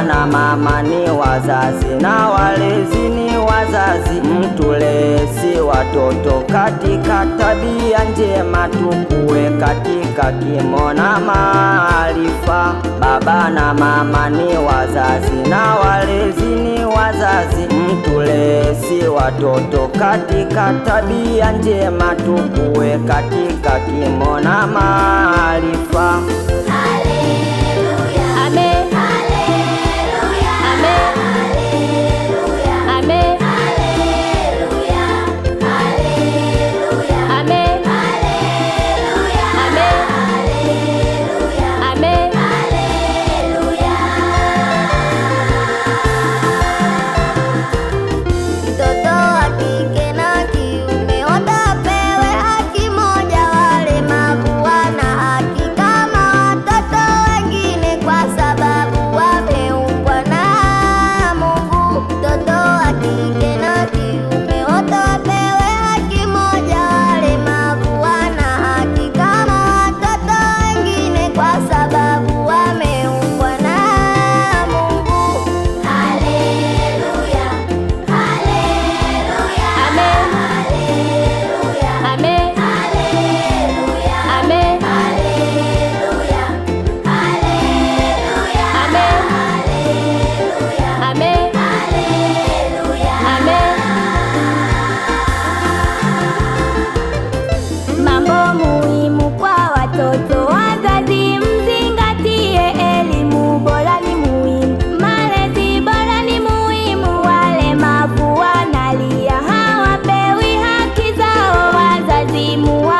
na mama ni wazazi na walezi ni wazazi. Mtulesi watoto katika tabia njema, tukue katika kimo na maarifa. Baba na mama ni wazazi na walezi ni wazazi. Mtulesi watoto katika tabia njema, tukue katika kimo na maarifa.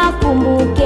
wakumbuke